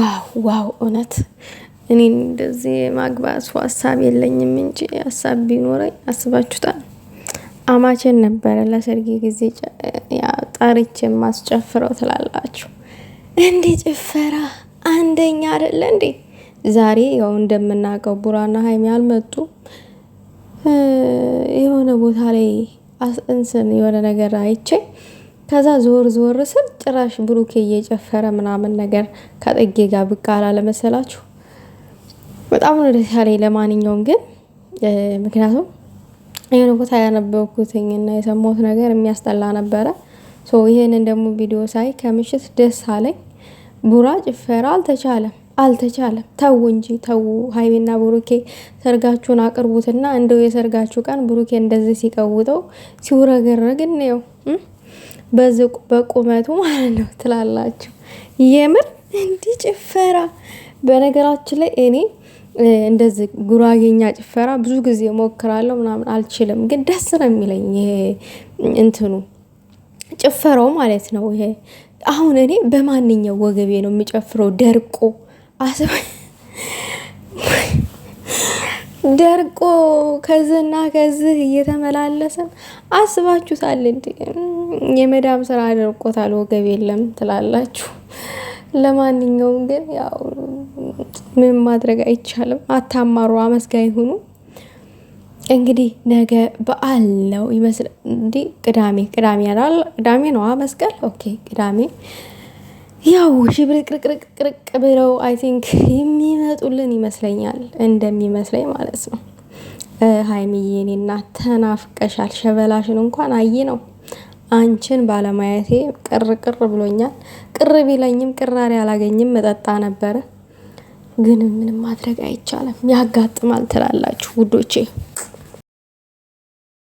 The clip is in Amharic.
ዋው ዋው! እውነት እኔ እንደዚህ ማግባቱ ሀሳብ የለኝም እንጂ ሀሳብ ቢኖረኝ አስባችሁታል? አማቼን ነበረ ለሰርጌ ጊዜ ጠርቼ የማስጨፍረው ትላላችሁ። እንዴ ጭፈራ አንደኛ አይደለ እንዴ? ዛሬ ያው እንደምናውቀው ቡራና ሀይሚ አልመጡም። የሆነ ቦታ ላይ እንስን የሆነ ነገር አይቼ ከዛ ዞር ዞር ስል ጭራሽ ብሩኬ እየጨፈረ ምናምን ነገር ከጥጌ ጋር ብቅ ለመሰላችሁ። በጣም ነው ደስ ያለኝ። ለማንኛውም ግን ምክንያቱም የሆነ ቦታ ያነበብኩትኝና የሰማሁት ነገር የሚያስጠላ ነበረ። ይህንን ደግሞ ቪዲዮ ሳይ ከምሽት ደስ አለኝ። ቡራ ጭፈራ አልተቻለም አልተቻለም ተው እንጂ ተው። ሀይሜና ብሩኬ ሰርጋችሁን አቅርቡትና እንደው የሰርጋችሁ ቀን ብሩኬ እንደዚህ ሲቀውጠው ሲውረገረግ እንየው። በቁመቱ ማለት ነው ትላላችሁ። የምር እንዲህ ጭፈራ በነገራችን ላይ እኔ እንደዚህ ጉራጌኛ ጭፈራ ብዙ ጊዜ ሞክራለሁ ምናምን አልችልም፣ ግን ደስ ነው የሚለኝ ይሄ እንትኑ ጭፈራው ማለት ነው። ይሄ አሁን እኔ በማንኛው ወገቤ ነው የሚጨፍረው ደርቆ አስበ ደርቆ ከዚህና ከዝህ እየተመላለሰን አስባችሁታል እንዴ? የመዳም ስራ ደርቆታል፣ ወገብ የለም ትላላችሁ። ለማንኛውም ግን ያው ምንም ማድረግ አይቻልም። አታማሩ፣ አመስጋኝ ሁኑ። እንግዲህ ነገ በዓል ነው ይመስል እንዲህ ቅዳሜ ቅዳሜ ቅዳሜ ነው መስቀል። ኦኬ ቅዳሜ ያው ሽብርቅርቅርቅርቅ ብለው አይ ቲንክ የሚመጡልን ይመስለኛል እንደሚመስለኝ ማለት ነው። ሀይሚዬ እኔና ተናፍቀሻል። ሸበላሽን እንኳን አይ ነው አንቺን ባለማየቴ ቅር ቅር ብሎኛል። ቅር ቢለኝም ቅራሪ አላገኝም መጠጣ ነበረ ግን ምንም ማድረግ አይቻልም። ያጋጥማል ትላላችሁ ውዶቼ።